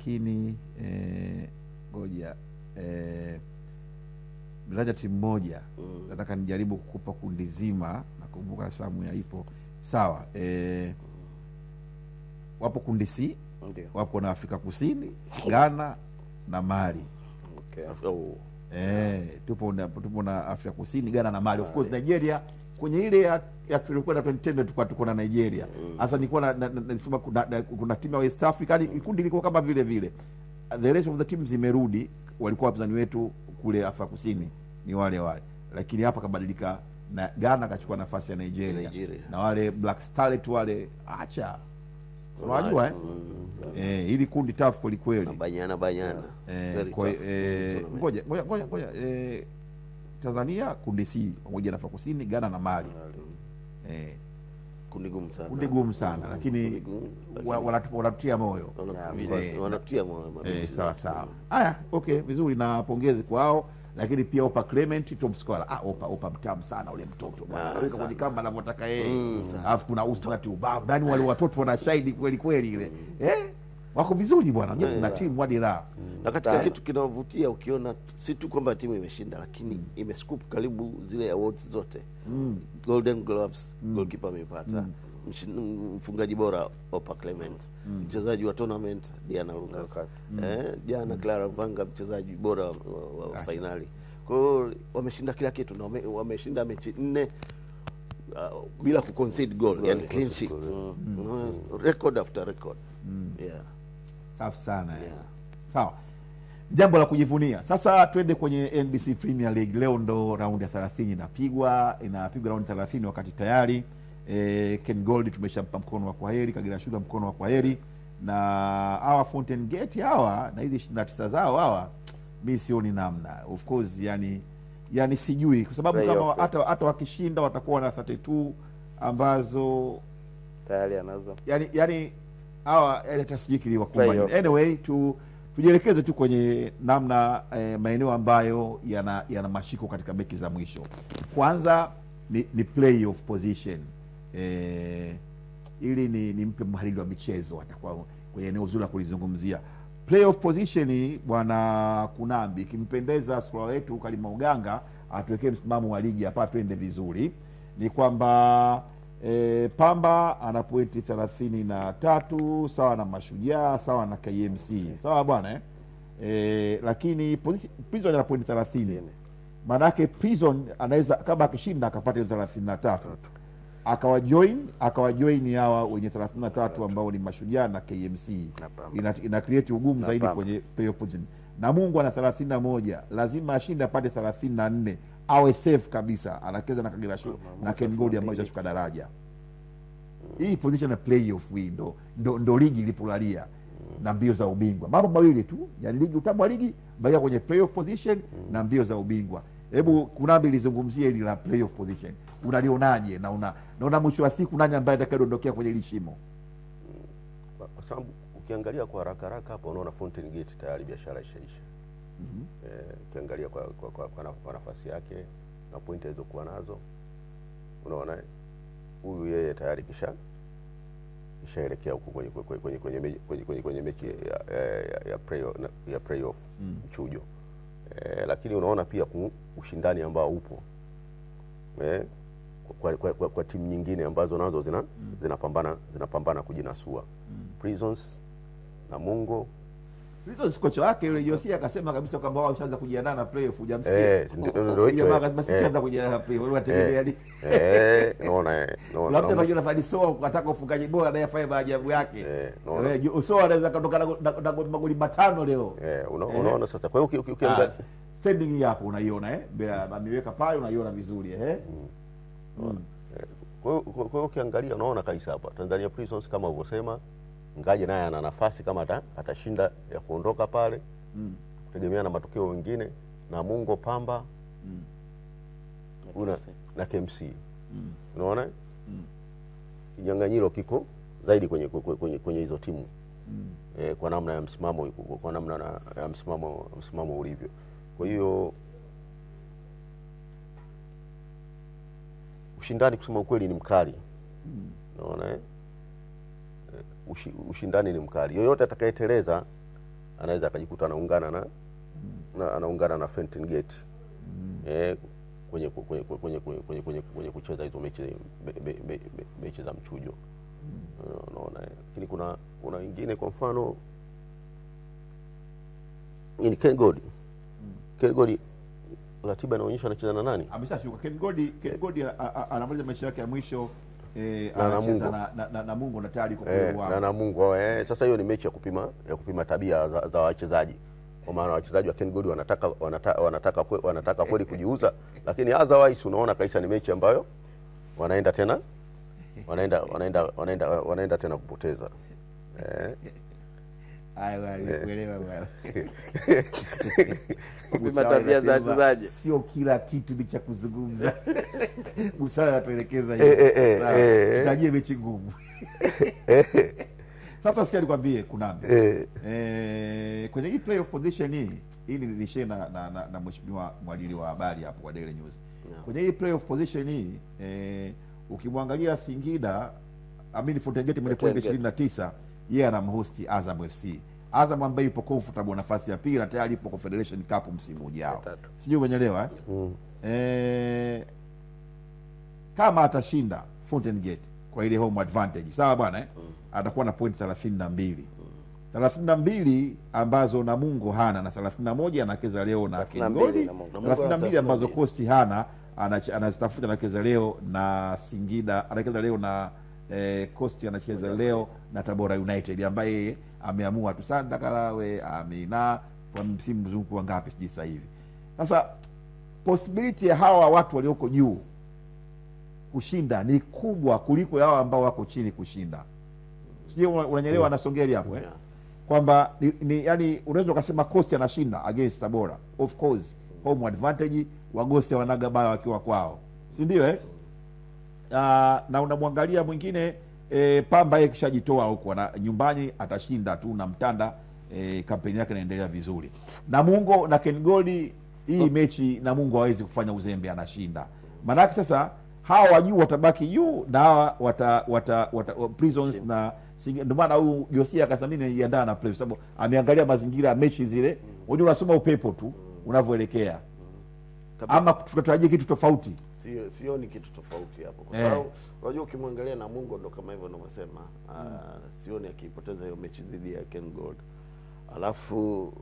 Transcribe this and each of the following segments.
lakini eh, ngoja e, eh, e, daraja mmoja moja mm. Nataka nijaribu kukupa kundi zima, nakumbuka ya ipo sawa e, wapo kundi C okay. Wapo na Afrika Kusini, Ghana na Mali okay. E, tupo na, tupo na Afrika Kusini, Ghana na Mali of course Nigeria kwenye ile ya ya tulikwenda 2010 tulikuwa tuko na Nigeria mm. sasa, mm. nilikuwa na, na, na, kuna, na, kuna timu ya West Africa ni kundi liko kama vile vile, the rest of the teams zimerudi, walikuwa wapinzani wetu kule Afrika Kusini ni wale wale, lakini hapa kabadilika na Ghana kachukua nafasi ya Nigeria, Nigeria, na wale Black Starlet wale acha unajua eh? Mm. Eh, hili kundi tafu kweli kweli, banyana banyana, eh, eh, ngoja ngoja ngoja eh Tanzania kundi C pamoja na Afrika Kusini, Ghana na Mali eh, kundi gumu sana, kundi gumu sana lakini wanatutia moyo, eh. wanatutia moyo eh, sawa sawa. Haya, okay, vizuri na pongezi kwao lakini pia Opa Clement Tom Scola. Ah, Opa Opa mtamu sana ule mtoto ah, ni kama anavyotaka yeye, mm, alafu kuna Ustati Ubamba, yani wale watoto wanashahidi kweli kweli ile mm. eh wako vizuri bwana, nyewe mna timu hadi la mm. na katika Tana. kitu kinaovutia ukiona si tu kwamba timu imeshinda lakini mm. imescoop karibu zile awards zote mm. Golden Gloves mm. goalkeeper amepata mm. mfungaji bora Opa Clement mm. mchezaji wa tournament Diana Lucas mm. eh, jana mm. Clara Vanga mchezaji bora wa, wa, wa fainali. Kwa hiyo wameshinda kila kitu na wame, wameshinda mechi nne uh, bila kuconcede goal, yani clean sheet, mm. mm. record after record mm. yeah safi sana yeah. Sawa, jambo la kujivunia. Sasa twende kwenye NBC Premier League. Leo ndo raundi ya thelathini inapigwa inapigwa raundi thelathini wakati tayari e, Ken Gold tumeshampa mkono wa kwaheri, kagira Sugar mkono wa kwaheri na hawa Fountain Gate hawa na hizi ishirini na tisa zao hawa, mi sioni namna of course, yani yani sijui kwa sababu kama hata hata wakishinda watakuwa na 32 ambazo tayari anazo yani yani hawa eh, anyway tu tujielekeze tu kwenye namna eh, maeneo ambayo yana, yana mashiko katika beki za mwisho. Kwanza ni, ni of position eh, ili ni, ni mpe mhariri wa michezo atakuwa kwenye eneo zuri la kulizungumzia of position. Bwana Kunambi, ikimpendeza sura wetu Kalima Uganga atuwekee msimamo wa ligi hapa, twende vizuri, ni kwamba E, Pamba ana pointi thelathini na tatu sawa na Mashujaa sawa na KMC sawa bwana eh? E, lakini Prison ana pointi thelathini maana Prison anaweza kama akishinda akapata hizo thelathini na tatu akawajoin akawajoin hawa wenye thelathini na tatu ambao ni Mashujaa na KMC ina, ina create ugumu zaidi kwenye playoff na Mungu ana thelathini na moja lazima ashinde apate thelathini na nne awe safe kabisa, anacheza na Kagera Sugar na Ken Gold ambayo ishashuka daraja. Hii position ya playoff hii ndo, ndo, ndo ligi ilipolalia na mbio za ubingwa, mambo mawili tu, yani ligi, utamu wa ligi bakia kwenye playoff position na mbio za ubingwa. Hebu kunambi lizungumzie hili la playoff position, unalionaje? Na una naona mwisho wa siku nani ambaye atakayedondokea kwenye hili shimo? Kwa sababu ukiangalia kwa haraka haraka hapa unaona Fountain Gate tayari biashara ishaisha mm -hmm. eh, ukiangalia kwa, kwa, kwa, kwa, kwa nafasi yake na pointi alizokuwa nazo unaona huyu yeye tayari kisha kishaelekea huko kwenye, kwenye, kwenye, kwenye, kwenye, kwenye kwenye mechi ya, ya, ya, playoff, ya playoff mm. mchujo eh, lakini unaona pia ushindani ambao upo eh, kwa, kwa, kwa, kwa timu nyingine ambazo nazo zina, mm. zinapambana, zinapambana kujinasua mm. Prisons, Namungo Hizo Lizo kocha wake yule Josia akasema kabisa kwamba wao ushaanza kujiandaa na playoff hujamsikia. Eh, ndio hicho. Jamaa eh. akasema sikianza eh. kujiandaa na playoff. wewe watembelee eh. hadi. Eh, naona eh. Naona. Labda unajua Fadi Soa ukataka ufungaji bora naye afanye maajabu yake. Eh, naona. Soa anaweza kutoka na magoli matano leo. Eh, unaona sasa. Kwa hiyo ukianza ah, standing hii hapo unaiona eh, Bila ameweka pale unaiona vizuri eh. Mm. Mm. Kwa hiyo ukiangalia unaona kaisa hapa Tanzania Prisons kama ulivyosema Ngaje naye ana nafasi kama atashinda ya kuondoka pale mm. kutegemea na matokeo mengine na Mungo Pamba mm. una, na KMC mm. unaona mm. kinyang'anyiro kiko zaidi kwenye, kwenye, kwenye hizo timu mm. e, kwa namna ya msimamo kwa namna na, ya msimamo, msimamo ulivyo kwa hiyo ushindani kusema ukweli ni mkali mm. naona eh? ushi, ushindani ni mkali. Yoyote atakayeteleza anaweza akajikuta anaungana na, na anaungana na Fenton Gate mm. eh, kwenye kwenye kwenye kwenye kwenye kwenye kwenye kucheza hizo mechi mechi za mchujo mm. eh, unaona. Eh. Lakini kuna kuna wengine kwa mfano ni Ken Gold mm. Ken Gold ratiba inaonyesha anacheza na nani? Ameshashuka Ken Gold Ken eh. Gold anamaliza mechi yake ya mwisho Eh, na, na, Mungu. Na, na, Mungu tayari kwa eh, na, na Mungu oh, eh, sasa hiyo ni mechi ya kupima ya kupima tabia za, za wachezaji kwa maana wachezaji wa Ken Gold wanataka wanataka wanataka, wanataka kweli kujiuza, lakini otherwise unaona kabisa ni mechi ambayo wanaenda tena wanaenda wanaenda wanaenda wanaenda tena kupoteza eh. Eh. kupima tabia za wachezaji sio kila kitu ni cha kuzungumza. Busara anapelekeza najie mechi ngumu. Eh. Sasa sikia nikwambie, kunambe eh. kwenye hii playoff position hii hii nilishare na, na, na, na mheshimiwa mwadili wa habari hapo kwa Daily News yeah. Kwenye hii playoff position hii eh, ukimwangalia Singida amini mean Fountain Gate mwenye pointi ishirini na tisa yeye anamhosti Azam FC Azam ambaye ipo comfortable nafasi ya pili na tayari ipo Confederation Cup msimu ujao, sijui umenyelewa eh? mm. E, kama atashinda Fountain Gate kwa ile home advantage sawa bwana eh? mm. atakuwa na point thelathini na mbili thelathini na mbili ambazo Namungo hana na thelathini na moja anacheza leo na Kingoli, thelathini na mbili ambazo Coast hana anazitafuta, anacheza leo na Singida, anacheza leo na eh, Coast anacheza leo na Tabora United ambaye ameamua tu Sanda Kalawe, Amina kwa msimu mzunguko wa ngapi sijui sasa hivi. Sasa possibility ya hawa watu walioko juu kushinda ni kubwa kuliko ya hawa ambao wako chini kushinda. Sijui unanyelewa yeah. Nasongeli hapo eh? Kwamba ni, ni yani unaweza ukasema Coast anashinda against Tabora. Of course home advantage Wagosi wanaga baya wakiwa kwao, si ndio eh? Uh, na unamwangalia mwingine e, Pamba yeye kishajitoa huko na nyumbani atashinda tu na Mtanda e, kampeni yake inaendelea vizuri. Namungo na Kengoli hii oh. mechi Namungo hawezi kufanya uzembe, anashinda. Maanake sasa hawa wajuu watabaki juu na hawa wata, wata, wata, prisons na ndio maana huyu Josia akasema mimi najiandaa na play, sababu ameangalia mazingira ya mechi zile. Mm. Unajua, unasoma upepo tu unavyoelekea, mm. Mm. ama tutarajie kitu tofauti sioni ni kitu tofauti hapo kwa eh. sababu eh, unajua ukimwangalia na Mungu ndo kama hivyo unavyosema mm. sioni akiipoteza hiyo mechi dhidi ya Ken Gold, alafu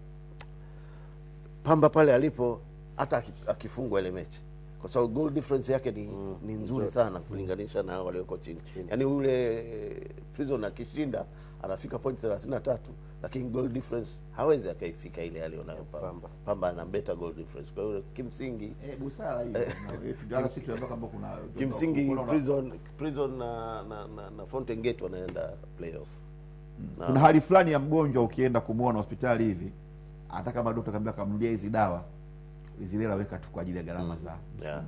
Pamba pale alipo hata akifungwa ile mechi kwa sababu goal difference yake ni, mm. ni nzuri sana kulinganisha na walioko chini. Mm. Yaani ule eh, Prison akishinda anafika point 33 lakini goal difference hawezi akaifika ile hali unayopamba Pamba. Pamba ana better goal difference, kwa hiyo kimsingi eh, busara hiyo kuna kimsingi prison prison na na, na, na Fountain Gate wanaenda playoff mm. kuna hali fulani ya mgonjwa ukienda kumuona hospitali hivi, hata kama daktari akamwambia kamnulia hizi dawa zile, laweka tu kwa ajili ya gharama mm. za msiba yeah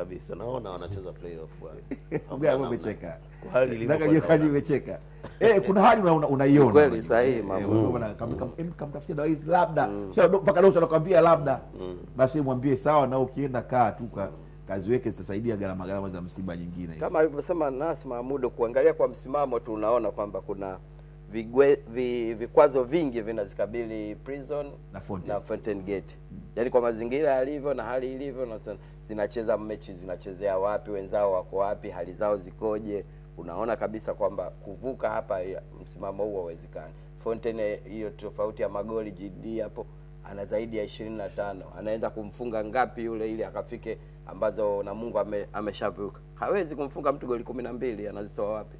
kabisa, naona wanacheza playoff bwana. Umecheka kwa hali ilivyo, umecheka eh, kuna hali una unaiona kweli sahihi, eh, mambo bwana, mm. kamtafutia dawa hizi, labda mm. sio mpaka leo tunakwambia, labda mm. basi mwambie sawa, na ukienda kaa tu ka kaziweke zitasaidia gharama gharama za msiba nyingine, kama alivyosema Nas Mahmud. Kuangalia kwa msimamo tu unaona kwamba kuna vigwe, vi, vikwazo vingi vinazikabili Prison na na Fountain Gate mm. Yaani kwa mazingira yalivyo na hali ilivyo na zinacheza mechi zinachezea wapi, wenzao wako wapi, hali zao zikoje. Unaona kabisa kwamba kuvuka hapa msimamo huu hauwezekani. Fontaine hiyo tofauti ya magoli GD hapo ana zaidi ya ishirini na tano anaenda kumfunga ngapi yule ili akafike ambazo na Mungu ame, Hawezi kumfunga mtu goli kumi na mbili anazitoa wapi?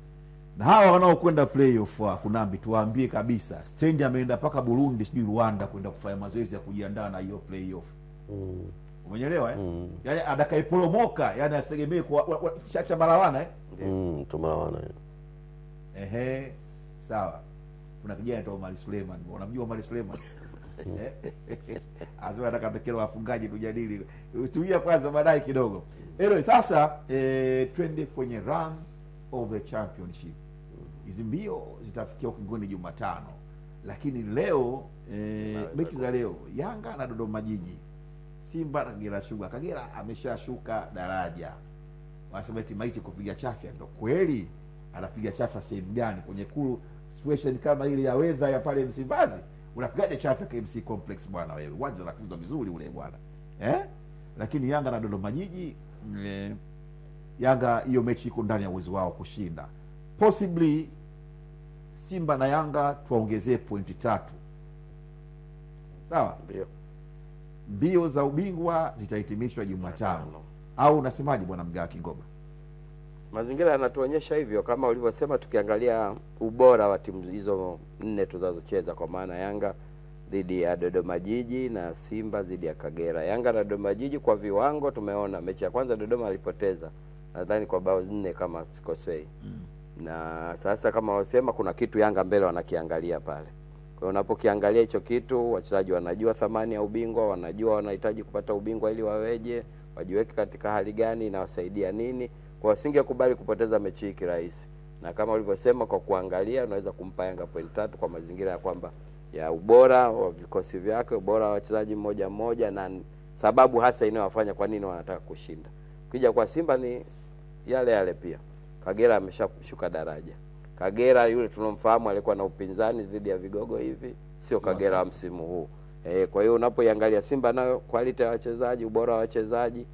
Na hawa wanaokwenda playoff wa kunambi, tuwaambie kabisa, Stendi ameenda mpaka Burundi, sijui Rwanda, kwenda kufanya mazoezi ya kujiandaa na hiyo playoff mm umeelewa eh? mm. Yani atakayeporomoka yani asitegemee kwa chacha marawana eh? mm, tu marawana eh. Ehe, sawa. Kuna kijana anaitwa Omar Suleiman, unamjua Omar Suleiman? Mm. Eh? Azua nataka pekee wafungaji tujadili, tuia kwanza baadaye kidogo. Anyway, sasa eh, twende kwenye run of the championship. Mm. Hizi mbio zitafikia ukingoni Jumatano, lakini leo eh, mechi za leo Yanga na Dodoma Jiji Simba na Kagera Sugar. Kagera ameshashuka daraja, wanasema eti maiti kupiga chafya. Ndio kweli, anapiga chafya sehemu gani? Kwenye kulu situation kama ile ya wedha ya pale Msimbazi, unapigaje chafya KMC Complex bwana? Wewe uwanja unatunzwa vizuri ule bwana eh? Lakini Yanga na Dodoma Jiji mm, Yanga hiyo mechi iko ndani ya uwezo wao kushinda. Possibly Simba na Yanga tuwaongezee pointi tatu, sawa ndio mbio za ubingwa zitahitimishwa Jumatano, au unasemaje bwana Mgaa kigoma Mazingira yanatuonyesha hivyo kama ulivyosema, tukiangalia ubora wa timu hizo nne tunazocheza kwa maana Yanga dhidi ya Dodoma Jiji na Simba dhidi ya Kagera. Yanga na Dodoma Jiji kwa viwango tumeona mechi ya kwanza Dodoma alipoteza nadhani kwa bao nne kama sikosei. Mm. Na sasa kama wasema kuna kitu Yanga mbele wanakiangalia pale. Kwa unapokiangalia hicho kitu, wachezaji wanajua thamani ya ubingwa, wanajua wanahitaji kupata ubingwa ili waweje, wajiweke katika hali gani, inawasaidia nini. Kwa wasingekubali kupoteza mechi hii kirahisi, na kama ulivyosema, kwa kuangalia unaweza kumpa Yanga point tatu kwa mazingira ya kwamba ya ubora wa vikosi vyake, ubora wa wachezaji mmoja mmoja, na sababu hasa inayowafanya kwa nini wanataka kushinda. Ukija kwa Simba ni yale yale pia, Kagera ameshashuka daraja. Kagera yule tunomfahamu alikuwa na upinzani dhidi ya vigogo hivi, sio Kagera wa msimu huu e. Kwa hiyo unapoiangalia Simba nayo quality ya wachezaji, ubora wa wachezaji,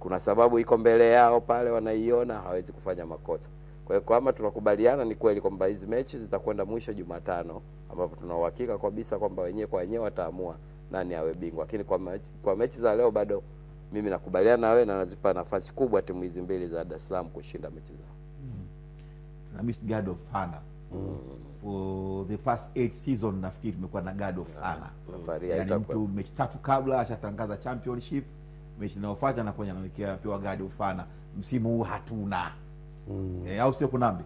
kuna sababu iko mbele yao pale, wanaiona hawezi kufanya makosa. Kwa hiyo kama tunakubaliana ni kweli kwamba hizi mechi zitakwenda mwisho Jumatano, ambapo tuna uhakika kabisa kwamba wenyewe kwa wenyewe wataamua nani awe bingwa, lakini kwa mechi, kwa mechi za leo bado mimi nakubaliana wewe na nazipa nafasi kubwa timu hizi mbili za Dar es Salaam kushinda mechi zao na Miss god of Honor mm. for the past eight season nafikiri tumekuwa na god of Honor yeah. yani mtu mechi tatu kabla ashatangaza championship, mechi inayofuata anakuwa anawekewa pewa god of Honor. Msimu huu hatuna mm. E, au sio? Kunambi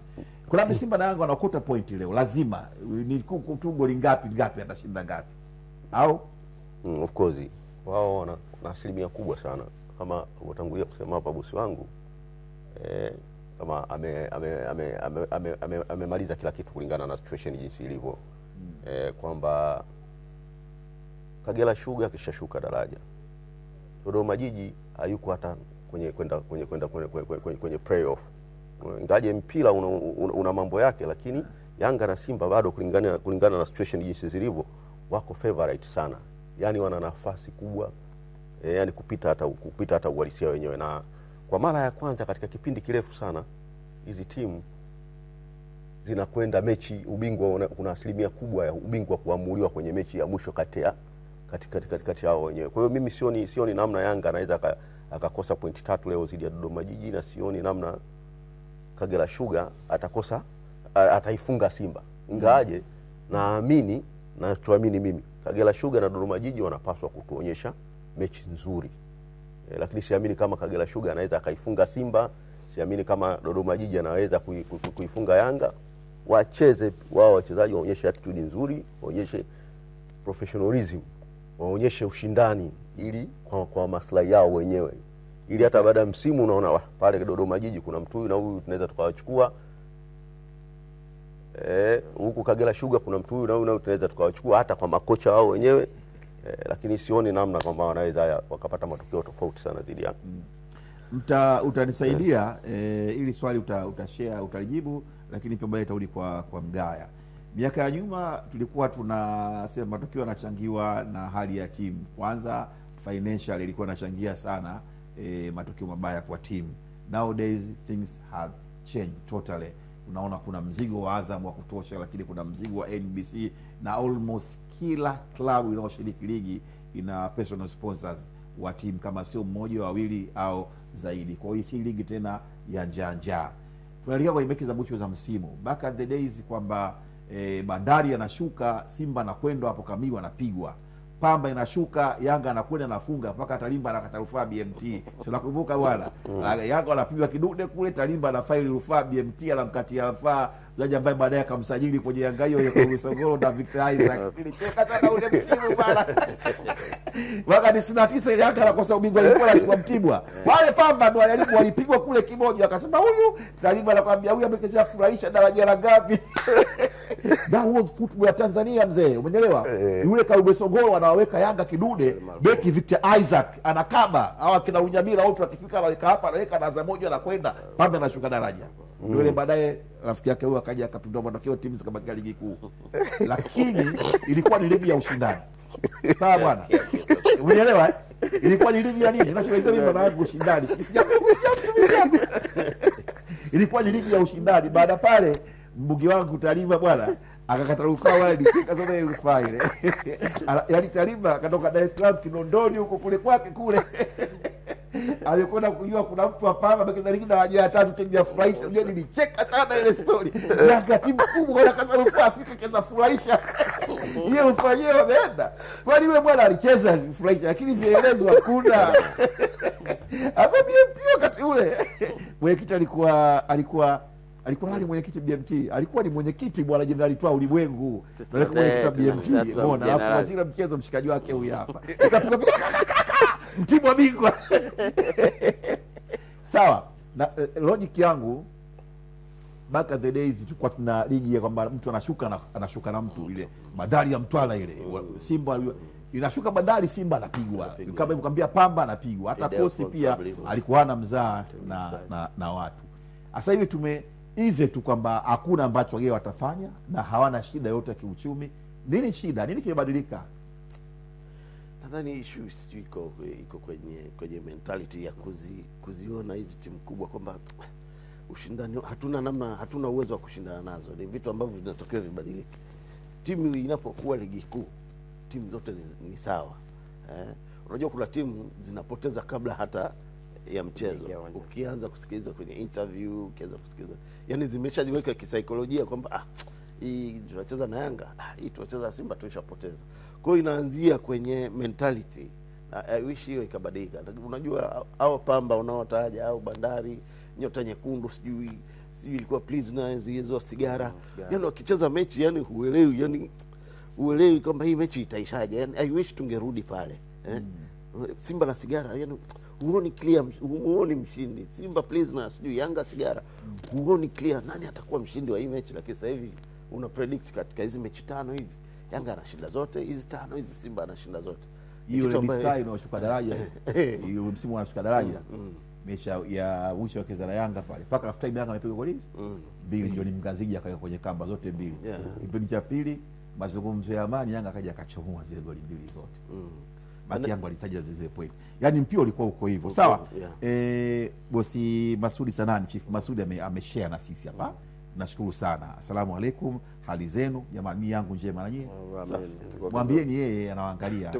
kunambi, Simba na Yanga wanakuta point leo, lazima ni tu goli ngapi ngapi atashinda ngapi au mm, of course wao wana asilimia kubwa sana kama utangulia kusema hapa bosi wangu eh, kama amemaliza kila kitu kulingana na situation jinsi ilivyo, mm. kwamba Kagera Sugar kishashuka daraja, Dodoma Jiji hayuko hata kwenye kwenda kwenye kwenda kwenye kwenye, kwenye, kwenye, kwenye playoff, Ngaje mpira una una, una mambo yake, lakini Yanga na Simba bado kulingana kulingana na situation jinsi zilivyo wako favorite sana, yani wana nafasi kubwa, eh, yani kupita hata kupita hata uhalisia wenyewe na kwa mara ya kwanza katika kipindi kirefu sana hizi timu zinakwenda mechi ubingwa, kuna asilimia kubwa ya ubingwa kuamuliwa kwenye mechi ya mwisho kati ya kati, kati, kati, kati yao wenyewe. Kwa hiyo mimi sioni, sioni namna Yanga anaweza akakosa pointi tatu leo dhidi ya Dodoma Jiji, na sioni namna Kagera Sugar atakosa ataifunga Simba, ingawaje naamini nachoamini mimi Kagera Sugar na Dodoma Jiji wanapaswa kutuonyesha mechi nzuri e, lakini siamini kama Kagera Sugar anaweza akaifunga Simba, siamini kama Dodoma Jiji anaweza kuifunga Yanga. Wacheze wao wachezaji, waonyeshe attitude nzuri, waonyeshe professionalism, waonyeshe ushindani ili kwa, kwa maslahi yao wenyewe ili hata baada ya msimu unaona pale Dodoma Jiji kuna mtu huyu na huyu tunaweza tukawachukua eh, huku e, Kagera Sugar kuna mtu huyu na huyu tunaweza tukawachukua hata kwa makocha wao wenyewe eh, lakini sioni namna kwamba wanaweza wakapata matokeo tofauti sana dhidi yangu mm. Mta, utanisaidia eh, ili swali uta, utashare utajibu lakini pia baadaye itarudi kwa, kwa Mgaya. Miaka ya nyuma tulikuwa tunasema matokeo yanachangiwa na hali ya timu. Kwanza financial ilikuwa inachangia sana eh, matokeo mabaya kwa timu. Nowadays things have changed totally. Unaona kuna mzigo wa Azam wa kutosha, lakini kuna mzigo wa NBC na almost kila klabu inayoshiriki ligi ina personal sponsors wa timu kama sio mmoja wawili au zaidi. Kwa hiyo si ligi tena ya njaa Tunaelekea kwenye mechi za mwisho za msimu, back at the days kwamba e, Bandari anashuka, Simba anakwenda hapo Kamili anapigwa Pamba inashuka, Yanga anakwenda nafunga mpaka Talimba anakata rufaa BMT. Tunakumbuka bwana, mm. Yanga anapigwa kidude kule, Talimba anafaili rufaa BMT, anamkatia rufaa mchezaji ambaye baadaye akamsajili kwenye Yanga hiyo ya Kusogoro na Victor Isaac. Nilicheka sana ule msimu bwana. Mwaka 99 ile Yanga anakosa ubingwa ilikuwa anachukua Mtibwa. Wale Pamba ndo walijaribu walipigwa kule kimoja akasema huyu Taliba anakuambia huyu amekesha furahisha daraja la ngapi? That was football ya Tanzania mzee, umeelewa? Eh. Yule Karume Sogoro anawaweka Yanga kidude, beki Victor Isaac anakaba, hawa kina Unyamira wote akifika anaweka hapa anaweka na za moja anakwenda, Pamba anashuka daraja mm. Ndio ile baadaye rafiki yake huyo akaja akatundua matokeo, timu zikabakia ligi kuu lakini ilikuwa ni ligi ya ushindani. Sawa bwana, unielewa eh? ilikuwa ni ligi ya nini? Nachoeleza mimi maana yake ushindani, ilikuwa ni ligi ya ushindani. Baada pale mbugi wangu talima bwana akakata rufaa wala nifika sasa rufaa ile, yaani talima akatoka Dar es Salaam Kinondoni huko kule kwake kule alikwenda kujua kuna mtu hapana amekidariki na waja ya tujafurahisha. Unajua, nilicheka sana ile story na katibu kubwa kwa kaza rufaa sika kaza furahisha yeye ufanyewe wameenda, kwani yule bwana alicheza furahisha, lakini vielezo hakuna. hapo BMT wakati ule mwenyekiti alikuwa alikuwa alikuwa nani mwenyekiti BMT? Alikuwa ni mwenyekiti bwana Jenerali Twa Ulimwengu, alikuwa mwenyekiti BMT, umeona. Alafu waziri mchezo mshikaji wake huyu hapa, ikapigapika mtibwa bingwa sawa na eh, logic yangu back the days tulikuwa tuna ligi ya kwamba mtu anashuka na, anashuka na mtu ile badari ya mtwala ile mm. simba inashuka badari simba anapigwa kama hivyo pamba anapigwa hata posti pia alikuwa na mzaa na, na, na watu sasa hivi tume ize tu kwamba hakuna ambacho wagee watafanya na hawana shida yote ya kiuchumi nini shida nini kimebadilika nadhani issue sijui iko iko kwenye kwenye mentality ya kuzi, kuziona hizi timu kubwa kwamba ushindani hatuna namna, hatuna uwezo wa kushindana nazo. Ni vitu ambavyo vinatokea vibadilike. Timu inapokuwa ligi kuu, timu zote ni, ni sawa eh? Unajua kuna timu zinapoteza kabla hata ya mchezo, ukianza kusikiliza kwenye interview, ukianza kusikiliza, yani zimeshajiweka kisaikolojia kwamba ah, hii tunacheza na Yanga, ah, hii tunacheza Simba, tuishapoteza. kwao inaanzia kwenye mentality. Eh, wish hiyo ikabadilika. Unajua au Pamba unaotaja au Bandari, Nyota Nyekundu, sijui sijui ilikuwa prisoners hizo sigara, mm, yani wakicheza mechi yani huelewi, yani huelewi kwamba hii mechi itaishaje. Yani I wish tungerudi pale eh? mm. Simba na sigara yani huoni clear, huoni mshindi. Simba prisoners, sijui Yanga sigara, mm. huoni clear nani atakuwa mshindi wa hii mechi, lakini sasa hivi una predict katika hizi mechi tano hizi Yanga ana shinda zote hizi tano hizi, Simba ana shinda zote. Yule mstari unaoshuka daraja yule msimu unashuka daraja mm, mm. mecha ya mwisho wa Kezara Yanga pale mpaka half time Yanga amepiga goli mm. mbili, ndio ni Mgazija akaweka kwenye kamba zote mbili. Kipindi cha pili mazungumzo ya amani, Yanga akaja akachomoa zile goli mbili zote mm. Baki yangu alitaja zile point, yani mpio ulikuwa uko hivyo sawa. yeah. E, bosi Masudi Sanani, Chief Masudi ameshare ame na sisi hapa mm nashukuru sana. Asalamu alaikum, hali zenu jamani? Ni yangu njema na mwambieni yeye anawaangalia,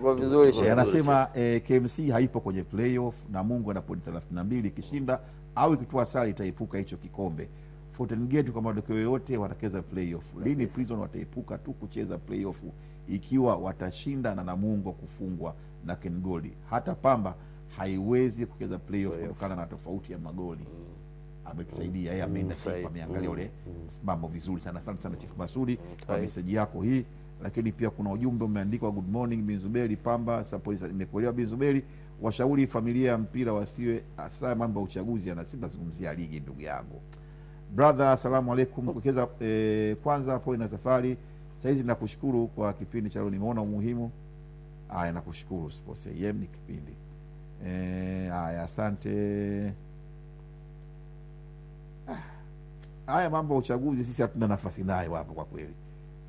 eh, Anasema eh, KMC haipo kwenye playoff na Mungu ana pointi thelathini na mbili ikishinda au ikitoa sare itaepuka hicho kikombe. fotengeti kwa matokeo yote watacheza playoff. Lini Prison wataepuka tu kucheza playoff ikiwa watashinda na Namungo kufungwa na Kengoli. Hata Pamba haiwezi kucheza playoff kutokana na tofauti ya magoli mm ametusaidia yeye, mm, ameenda TIPA ameangalia mm, ule mm. mambo vizuri sana. Asante sana Chief Masudi mm, kwa meseji yako hii, lakini pia kuna ujumbe umeandikwa, good morning Binzuberi Pamba, nimekuelewa Binzuberi, washauri familia ya mpira wasiwe hasa mambo ya uchaguzi, anasema zungumzia ligi. Ndugu yangu brother, asalamu alaikum. Oh. Kuwekeza eh, kwanza hapo ina safari sahizi, nakushukuru kwa kipindi cha leo, nimeona umuhimu. Haya, nakushukuru Sports AM ni kipindi eh, haya eh, asante haya mambo ya uchaguzi sisi hatuna nafasi nayo hapa kwa kweli.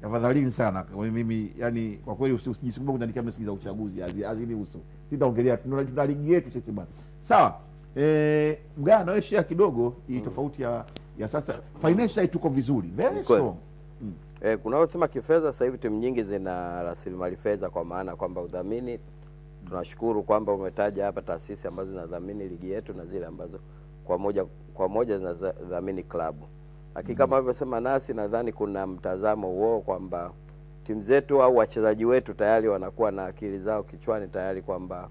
Tafadhalini sana mimi, yani kwa kweli usijisumbue kuniandikia meseji za uchaguzi, azini uso, sitaongelea tuna ligi yetu sisi bwana. Sawa eh, mgana wewe share kidogo hii mm. tofauti ya ya sasa financial tuko vizuri very strong mm. Eh, kuna wasema kifedha sasa hivi timu nyingi zina rasilimali fedha, kwa maana kwamba udhamini, tunashukuru kwamba umetaja hapa taasisi ambazo zinadhamini ligi yetu na zile ambazo kwa moja kwa moja zinadhamini klabu lakini kama alivyosema nasi, nadhani kuna mtazamo huo kwamba timu zetu au wachezaji wetu tayari wanakuwa na akili zao kichwani tayari kwamba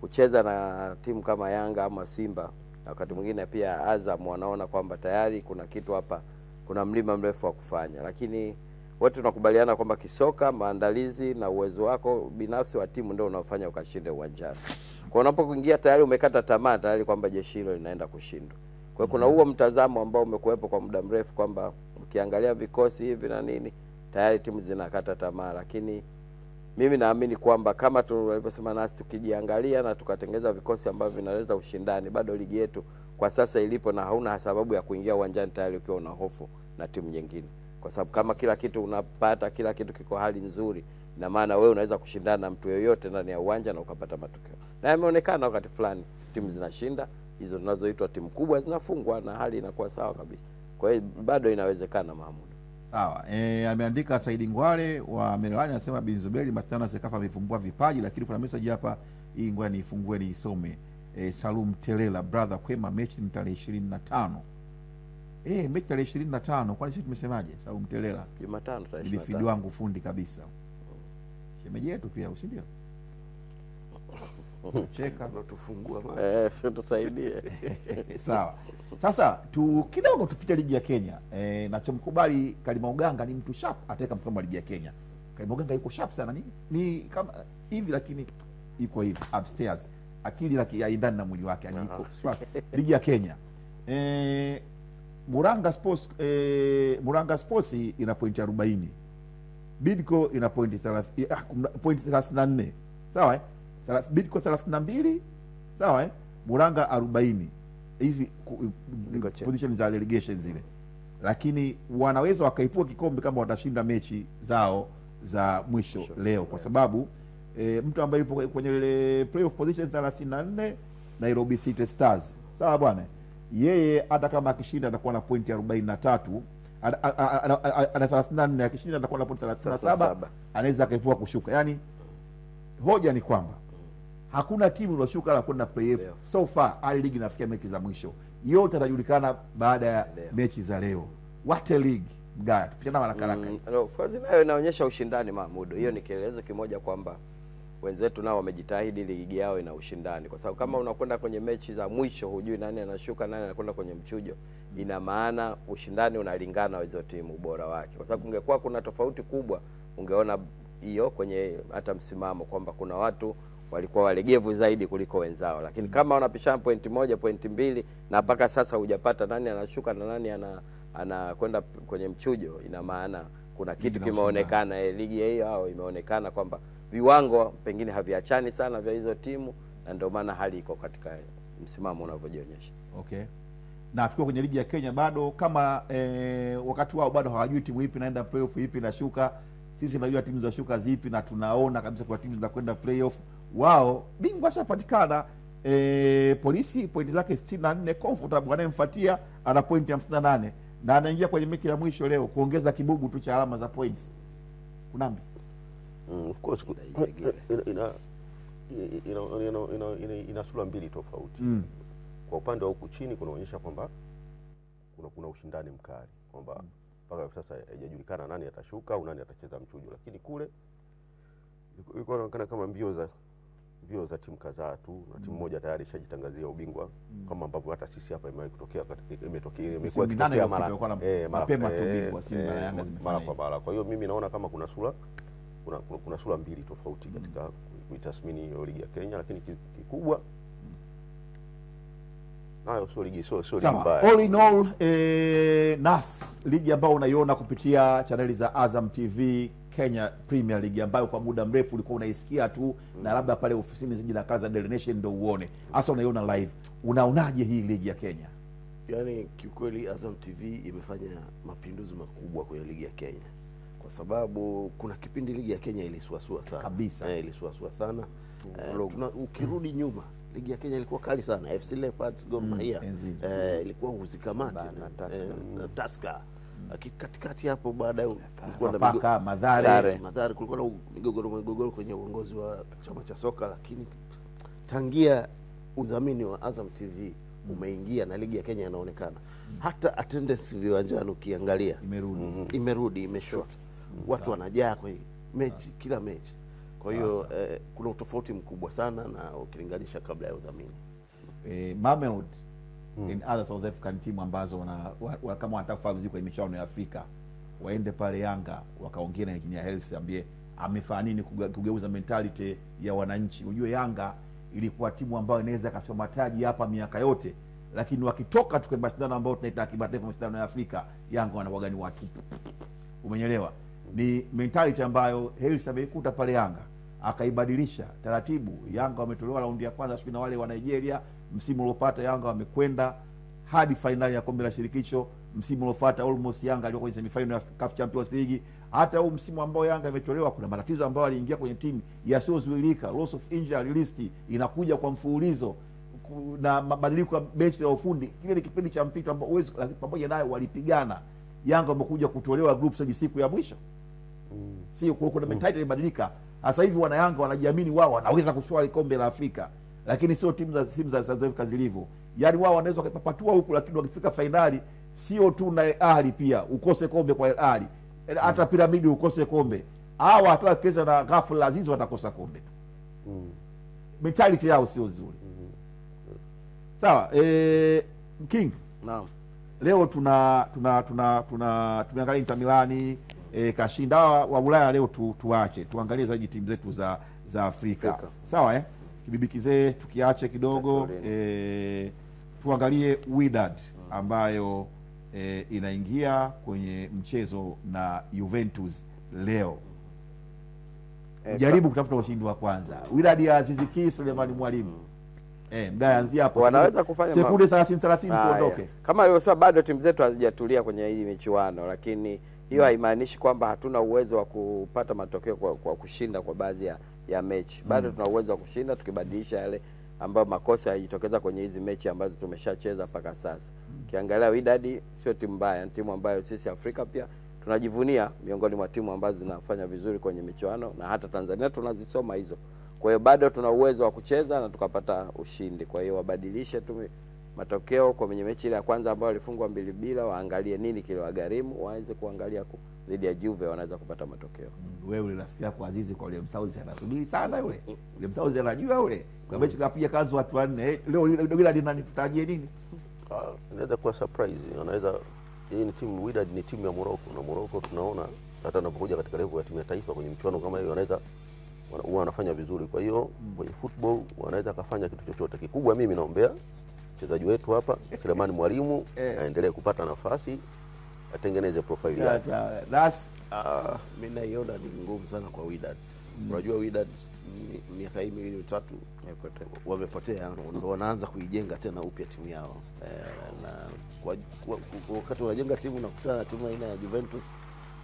kucheza na timu kama Yanga ama Simba na wakati mwingine pia Azam, wanaona kwamba tayari kuna kitu hapa, kuna mlima mrefu wa kufanya. Lakini wote tunakubaliana kwamba kisoka, maandalizi na uwezo wako binafsi wa timu ndio unaofanya ukashinde uwanjani. Kwa unapokuingia tayari umekata tamaa tayari kwamba jeshi hilo linaenda kushindwa. Kwa kuna huo mtazamo ambao umekuwepo kwa muda mrefu kwamba ukiangalia vikosi hivi na nini tayari timu zinakata tamaa, lakini mimi naamini kwamba kama tulivyosema, nasi tukijiangalia na tukatengeza vikosi ambavyo vinaleta ushindani, bado ligi yetu kwa sasa ilipo, na hauna sababu ya kuingia uwanjani tayari ukiwa una hofu na timu nyingine, kwa sababu kama kila kitu unapata, kila kitu kiko hali nzuri, na maana wewe unaweza kushindana na mtu yoyote ndani ya uwanja na ukapata matokeo, na yameonekana wakati fulani timu zinashinda hizo zinazoitwa timu kubwa zinafungwa na hali inakuwa sawa kabisa. Kwa hiyo bado inawezekana Mahmud. Sawa. E, ameandika Saidi Ngware wa Merewani anasema Bin Zuberi Mastana Sekafa amefungua vipaji, lakini kuna message hapa hii, ngoja niifungue niisome. E, Salum Telela brother, kwema, mechi ni tarehe ishirini na tano. E, mechi tarehe ishirini na tano, kwani sisi tumesemaje? Salum Telela Jumatano tarehe 25. Fundi kabisa. Shemeji yetu pia, usindio? Cheka ndo tufungua macho eh, sio tusaidie. Sawa, sasa tu kidogo tupite ligi ya Kenya eh, nachomkubali uganga ni mtu sharp, ataweka msimamo ligi ya Kenya. kalima uganga yuko sharp sana, ni, ni kama hivi lakini iko hivi upstairs, akili laki haendani na mwili wake, yani iko ligi ya Kenya eh, Muranga Sports eh, Muranga Sports ina pointi arobaini Bidco ina pointi thelathini eh, ah, pointi thelathini na nne sawa eh? bitco thelathini na mbili sawa eh? Muranga arobaini hizi position za relegation zile, lakini wanaweza wakaipua kikombe kama watashinda mechi zao za mwisho sure. leo kwa sababu e, mtu ambaye yupo kwenye ile playoff position thelathini na nne Nairobi City Stars sawa bwana, yeye hata kama akishinda atakuwa na pointi arobaini na tatu ana thelathini na nne akishinda atakuwa na pointi thelathini na saba anaweza akaipua kushuka. Yani hoja ni kwamba hakuna timu iliyoshuka na kwenda playoff so far. Ali ligi inafikia mechi za mwisho, yote atajulikana baada ya mechi za leo. What a league mgaya, tupitana warakaraka mm, no, nayo inaonyesha ushindani Mahmudu, hiyo mm. ni kielezo kimoja kwamba wenzetu nao wamejitahidi, ligi yao ina ushindani, kwa sababu kama unakwenda kwenye mechi za mwisho hujui nani anashuka nani anakwenda kwenye mchujo, ina maana ushindani unalingana hizo timu ubora wake, kwa sababu ungekuwa kuna tofauti kubwa ungeona hiyo kwenye hata msimamo kwamba kuna watu walikuwa walegevu zaidi kuliko wenzao, lakini mm. kama wanapishana pointi moja pointi mbili na mpaka sasa hujapata nani anashuka na nani ana anakwenda kwenye mchujo, ina maana kuna kitu kimeonekana. E, ligi hiyo au imeonekana kwamba viwango pengine haviachani sana vya hizo timu, na ndio maana hali iko katika msimamo unavyojionyesha. Okay, na tukiwa kwenye ligi ya Kenya bado kama e, wakati wao bado hawajui timu ipi naenda playoff ipi inashuka. Sisi tunajua timu za shuka zipi, na tunaona kabisa kwa timu zinakwenda playoff wao bingwa ashapatikana. E, polisi pointi zake sitini na nne comfortable, anayemfuatia ana pointi hamsini na nane na anaingia kwenye mechi ya mwisho leo kuongeza kibubu tu cha alama za points. Kunambi mm, of course ina ina sura mbili tofauti mm. Kwa upande wa huku chini kunaonyesha kwamba kuna, kuna ushindani mkali kwamba mm. mpaka mm. sasa haijajulikana nani atashuka au nani atacheza mchujo, lakini kule ilikuwa inaonekana kama mbio za hiyo za timu kadhaa tu na timu mm. moja tayari ishajitangazia ubingwa mm. kama ambavyo hata sisi hapa imewahi kutokea imetokea imekuwa ikitokea mara eh, mara eh, eh, kwa mara. Kwa hiyo mimi naona kama kuna sura kuna, kuna, kuna sura mbili tofauti mm. katika kuitathmini hiyo ligi ya Kenya, lakini kikubwa mm. nayo sio ligi sio sio mbaya. All in all, eh, NAS ligi ambayo unaiona kupitia chaneli za Azam TV Kenya Premier League ambayo kwa muda mrefu ulikuwa unaisikia tu mm. na labda pale ofisini ziji nakala za Daily Nation ndio uone hasa unaiona live. Unaonaje hii ligi ya Kenya? Yaani kiukweli Azam TV imefanya mapinduzi makubwa kwenye ligi ya Kenya kwa sababu kuna kipindi ligi ya Kenya ilisuasua sana kabisa, eh, ilisuasua sana mm. eh, kuna, ukirudi nyuma ligi ya Kenya ilikuwa kali sana, FC Leopards, Gor mm, Mahia mm. eh, ilikuwa huzikamati na, na, eh, na, na, na Tusker katikati hapo baada ya madhare kulikuwa na migogoro migogoro kwenye uongozi wa chama cha soka, lakini tangia udhamini wa Azam TV umeingia na ligi ya Kenya inaonekana hata attendance viwanjani ukiangalia imerudi, mm -hmm. imerudi imeshot mm -hmm. watu wanajaa kwenye mechi ah. kila mechi. Kwa hiyo ah, eh, kuna utofauti mkubwa sana na ukilinganisha kabla ya udhamini eh, Mamelodi mm. in other South African team ambazo wana, wa, kama wanataka kufanya vizuri kwenye michuano ya Afrika waende pale Yanga wakaongea na Engineer Hersi ambie amefanya nini kugeuza mentality ya wananchi. Unajua Yanga ilikuwa timu ambayo inaweza kachukua mataji hapa miaka yote, lakini wakitoka tu kwenye mashindano ambayo tunaita kimataifa, mashindano ya Afrika, Yanga wanakuwaga ni watu, umenyelewa? Ni mentality ambayo Hersi ameikuta pale Yanga akaibadilisha taratibu. Yanga wametolewa raundi ya kwanza sijui na wale wa Nigeria msimu uliopita Yanga wamekwenda hadi fainali ya kombe la shirikisho. Msimu uliofuata almost Yanga alikuwa kwenye semifinal ya CAF Champions League. Hata huu msimu ambao Yanga imetolewa, kuna matatizo ambayo aliingia kwenye timu yasiyozuilika, loss of injury list inakuja kwa mfululizo na mabadiliko ya benchi la ufundi. Kile ni kipindi cha mpito ambao uwezo, uwezi, pamoja naye walipigana. Yanga wamekuja kutolewa group stage siku ya mwisho mm. Sio kuna mm. mentality imebadilika mm. Sasa hivi wana Yanga wanajiamini wao wanaweza kuchukua kombe la Afrika lakini sio timu za simu za Zanzibar zilivyo. Yaani wao wanaweza wakapapatua huku, lakini wakifika fainali sio tu na Al pia ukose kombe kwa Al hata mm. hata Piramidi ukose kombe. Hawa hata wakicheza na Ghafla Azizi watakosa kombe tu. Mm. Mentality yao sio nzuri. Mm -hmm. Sawa, e, King. Naam. Leo tuna tuna tuna tuna tumeangalia Inter Milani e, eh, kashinda wa Ulaya leo tu, tuache tuangalie zaidi timu zetu za za Afrika, Afrika. Sawa eh? kibibi kizee tukiache kidogo e, tuangalie Wydad ambayo e, inaingia kwenye mchezo na Juventus leo e, jaribu kutafuta ushindi wa kwanza. Wydad ya Aziz Ki Sulemani Mwalimu hapo, wanaweza kufanya sekunde 30 30 tuondoke. Kama alivyosema, bado timu zetu hazijatulia kwenye hii michuano, lakini hiyo hmm. haimaanishi kwamba hatuna uwezo wa kupata matokeo kwa, kwa kushinda kwa baadhi ya ya mechi bado mm. tuna uwezo wa kushinda tukibadilisha yale ambayo makosa yajitokeza kwenye hizi mechi ambazo tumeshacheza mpaka sasa. Mm. Ukiangalia Wydad sio timu mbaya, ni timu ambayo sisi Afrika pia tunajivunia miongoni mwa timu ambazo zinafanya vizuri kwenye michuano na hata Tanzania tunazisoma hizo. Kwa hiyo bado tuna uwezo wa kucheza na tukapata ushindi. Kwa hiyo wabadilishe tu matokeo kwenye mechi ile ya kwanza ambayo walifungwa mbili bila, waangalie nini kiliwagharimu, waanze kuangalia kuhu dhidi ya Juve wanaweza kupata matokeo. Mm, wewe ule rafiki yako Azizi kwa ule Msauzi anasubiri sana yule. Ule Msauzi anajua yule. Kwa mechi kapiga kazi watu wanne. Eh, leo yule ndio ananitajie nini? Ah, inaweza kuwa surprise. Anaweza hii ni timu Wydad ni timu ya Morocco na Morocco tunaona hata anapokuja katika level ya timu ya taifa kwenye mchuano kama hiyo anaweza huwa anafanya vizuri. Kwa hiyo mm. kwenye football wanaweza kafanya kitu chochote kikubwa. Mimi naombea mchezaji wetu hapa Selemani Mwalimu eh. aendelee kupata nafasi atengeneze profile yake. That's uh, ah, mimi naiona ni ngumu sana kwa Wydad. Mm. Unajua mm. Wydad miaka hii miwili mitatu wamepotea, ndo wanaanza kuijenga tena upya timu yao e, na kwa, kwa, kwa, wakati unajenga timu unakutana na timu aina ya Juventus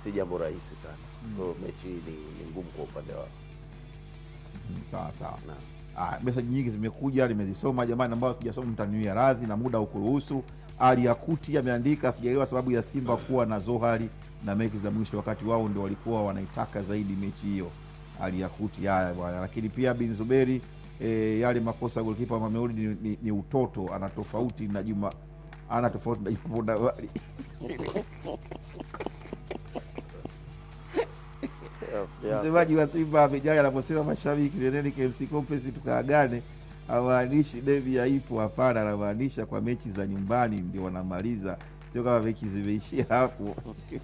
si jambo rahisi sana mm. mechi ni, ni ngumu kwa upande wao. Mm, sawa sawa. Ah, meseji nyingi zimekuja, nimezisoma jamani, ambayo sijasoma mtaniwia radhi na muda ukuruhusu kuti ameandika sijaelewa sababu ya Simba kuwa na Zohari na mechi za mwisho, wakati wao ndio walikuwa wanaitaka zaidi mechi hiyo. Aliakuti haya bwana, lakini pia bin Zuberi e, yale makosa golikipa Mameudi ni, ni, ni utoto, ana tofauti na Juma, ana tofauti na Juma Dawari msemaji wa Simba amejaa anaposema mashabiki, nendeni KMC Complex tukaagane hawaanishi debi haipo, hapana, anamaanisha kwa mechi za nyumbani ndio wanamaliza, sio kama mechi zimeishia hapo.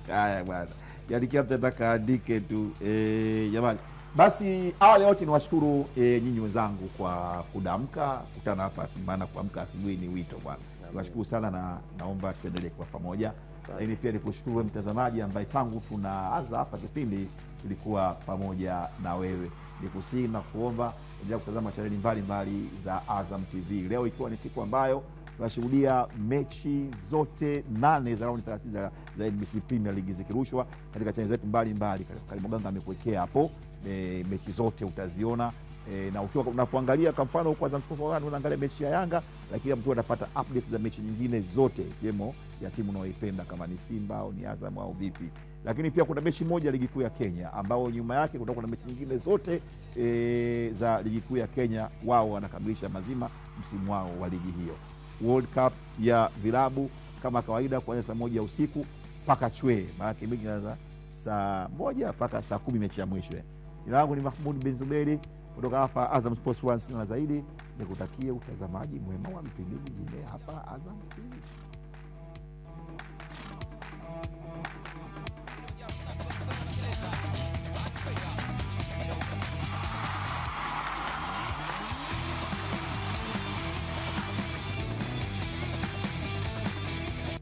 Haya bwana, yani kila mtu anataka aandike tu e, jamani. Basi awali yote niwashukuru e, eh, nyinyi wenzangu kwa kudamka kutana hapa, maana kuamka asubuhi ni wito bwana. Niwashukuru sana na naomba tuendelee kwa pamoja, lakini pia nikushukuru mtazamaji ambaye tangu tunaanza hapa kipindi ilikuwa pamoja na wewe ni kusihi na kuomba endelea kutazama chaneli mbalimbali za Azam TV. Leo ikiwa ni siku ambayo tunashuhudia mechi zote nane za raundi thelathini za NBC Premier League zikirushwa katika chaneli zetu mbalimbali. ganga amekuwekea hapo e, mechi zote utaziona. E, na ukiwa unapoangalia kwa mfano huko Azam One unaangalia mechi ya Yanga, lakini mtu anapata updates za mechi nyingine zote ikiwemo ya timu unaoipenda kama ni Simba au ni Azam au vipi. Lakini pia kuna mechi moja ligi kuu ya Kenya ambao nyuma yake kuna kuna mechi nyingine zote e, za ligi kuu ya Kenya, wao wanakamilisha mazima msimu wao wa ligi hiyo. World Cup ya vilabu kama kawaida kuanzia saa moja usiku mpaka chwee, maanake mechi inaanza saa moja mpaka saa kumi mechi ya mwisho. Jina langu ni Mahmud bin kutoka hapa Azam Sports One, sina zaidi, nikutakie utazamaji mwema wa vipindi vingine hapa Azam TV.